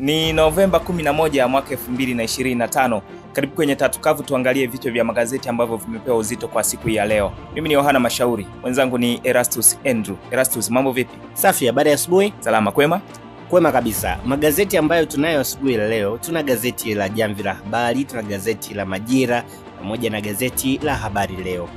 Ni Novemba 11 mwaka 2025. Karibu kwenye tatukavu tuangalie vichwa vya magazeti ambavyo vimepewa uzito kwa siku ya leo. Mimi ni Yohana Mashauri, mwenzangu ni Erastus Andrew. Erastus, mambo vipi? Safi, habari ya asubuhi. Salama, kwema kwema kabisa. Magazeti ambayo tunayo asubuhi leo, tuna gazeti la Jamvi la Habari, tuna gazeti la Majira pamoja na gazeti la Habari Leo.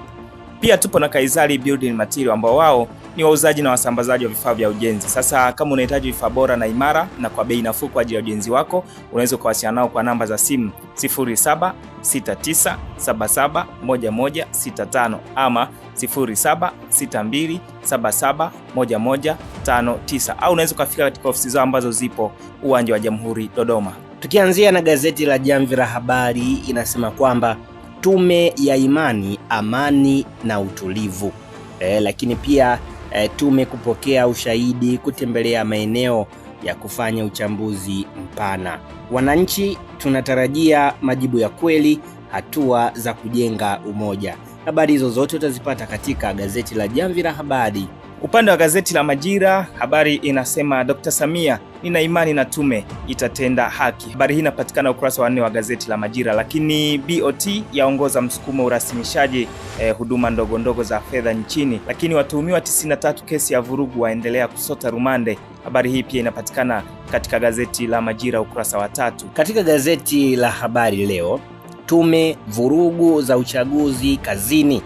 Pia tupo na Kaizali Building Material ambao wao ni wauzaji na wasambazaji wa vifaa vya ujenzi. Sasa kama unahitaji vifaa bora na imara na kwa bei nafuu kwa ajili ya ujenzi wako, unaweza kuwasiliana nao kwa namba za simu 0769771165 ama 0762771159 au unaweza ukafika katika ofisi zao ambazo zipo uwanja wa Jamhuri Dodoma. Tukianzia na gazeti la Jamvi la Habari inasema kwamba Tume ya Imani, Amani na Utulivu. E, lakini pia e, tume kupokea ushahidi, kutembelea maeneo ya kufanya uchambuzi mpana. Wananchi tunatarajia majibu ya kweli, hatua za kujenga umoja. Habari hizo zote utazipata katika gazeti la Jamvi la Habari Upande wa gazeti la Majira, habari inasema Dr. Samia, nina imani na tume itatenda haki. Habari hii inapatikana ukurasa wa nne wa gazeti la Majira. Lakini BOT yaongoza msukumo urasimishaji eh, huduma ndogo ndogo za fedha nchini. Lakini watuhumiwa 93 kesi ya vurugu waendelea kusota rumande. Habari hii pia inapatikana katika gazeti la Majira ukurasa wa tatu. Katika gazeti la Habari Leo, tume vurugu za uchaguzi kazini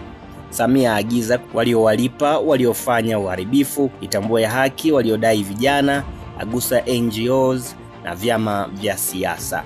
Samia aagiza waliowalipa waliofanya uharibifu itambue haki waliodai vijana, agusa NGOs na vyama vya siasa.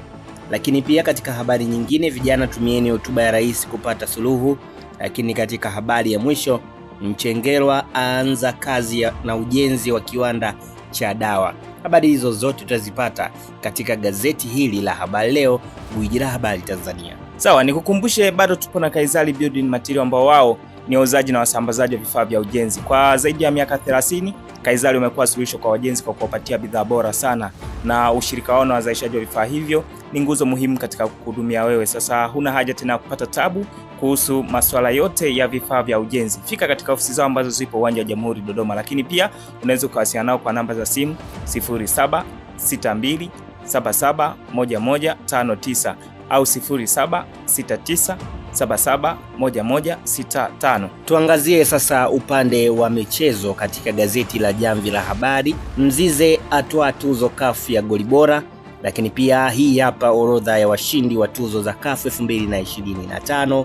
Lakini pia katika habari nyingine, vijana tumieni hotuba ya rais kupata suluhu. Lakini katika habari ya mwisho, Mchengerwa aanza kazi ya, na ujenzi wa kiwanda cha dawa. Habari hizo zote utazipata katika gazeti hili la Habari Leo, gwiji la habari Tanzania. Sawa, nikukumbushe bado tupo na Kaizali Building Material ambao wao ni wauzaji na wasambazaji wa vifaa vya ujenzi. Kwa zaidi ya miaka 30, Kaizali umekuwa suluhisho kwa wajenzi kwa kuwapatia bidhaa bora sana, na ushirika wao na wazalishaji wa vifaa hivyo ni nguzo muhimu katika kuhudumia wewe. Sasa huna haja tena ya kupata tabu kuhusu masuala yote ya vifaa vya ujenzi. Fika katika ofisi zao ambazo zipo uwanja wa Jamhuri Dodoma, lakini pia unaweza ukawasiliana nao kwa namba za simu 0762771159 au 0769 771165. Tuangazie sasa upande wa michezo katika gazeti la Jamvi la Habari. Mzize atoa tuzo kafu ya goli bora, lakini pia hii hapa orodha ya washindi wa tuzo za kafu 2025.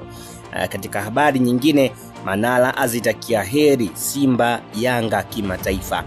Ah, katika habari nyingine, Manala azitakia heri Simba Yanga kimataifa.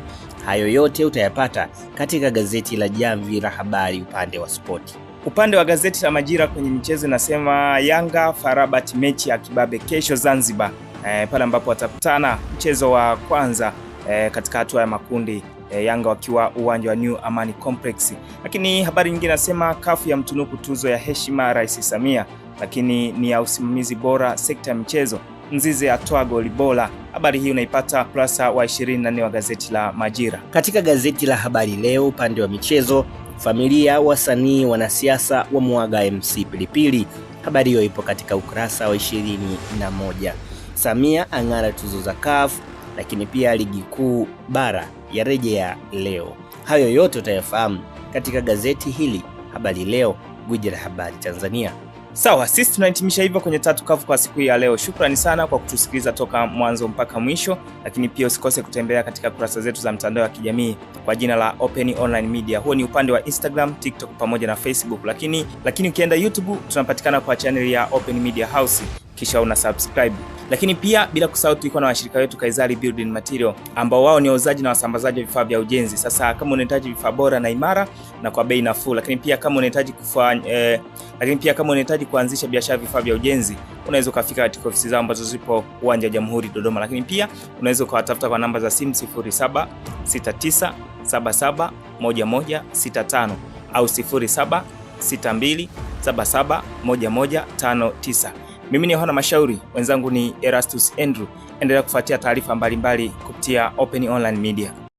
Hayo yote utayapata katika gazeti la Jamvi la Habari upande wa spoti. Upande wa gazeti la Majira kwenye michezo inasema Yanga Farabat mechi ya kibabe kesho Zanzibar, e, pale ambapo watakutana mchezo wa kwanza e, katika hatua ya makundi e, Yanga wakiwa uwanja wa New Amani Complex. Lakini habari nyingine nasema kafu ya mtunuku tuzo ya heshima Rais Samia, lakini ni ya usimamizi bora sekta ya michezo Mzize atoa goli bora. Habari hii unaipata ukurasa wa 24 wa gazeti la Majira. Katika gazeti la Habari Leo upande wa michezo familia, wasanii, wanasiasa wa mwaga MC Pilipili. Habari hiyo ipo katika ukurasa wa ishirini na moja. Samia ang'ara tuzo za CAF, lakini pia ligi kuu bara ya rejea leo. Hayo yote utayafahamu katika gazeti hili Habari Leo, gwiji la habari Tanzania. Sawa, sisi tunahitimisha hivyo kwenye tatu kavu kwa siku hii ya leo. Shukrani sana kwa kutusikiliza toka mwanzo mpaka mwisho, lakini pia usikose kutembelea katika kurasa zetu za mtandao wa kijamii kwa jina la Open Online Media. Huo ni upande wa Instagram, TikTok pamoja na Facebook, lakini lakini ukienda YouTube tunapatikana kwa channel ya Open Media House kisha una subscribe. Lakini pia bila kusahau tuko na washirika wetu Kaizali Building Material ambao wao ni wauzaji na wasambazaji wa vifaa vya ujenzi. Sasa kama unahitaji vifaa bora na imara na kwa bei nafuu, lakini pia kama unahitaji kufanya eh, lakini pia kama unahitaji kuanzisha biashara vifaa vya ujenzi, unaweza ukafika katika ofisi zao ambazo zipo uwanja wa Jamhuri Dodoma, lakini pia unaweza ukawatafuta kwa namba za simu 0769771165 au 0762771159. Mimi ni Yohana Mashauri, wenzangu ni Erastus Andrew. Endelea kufuatia taarifa mbalimbali kupitia Open Online Media.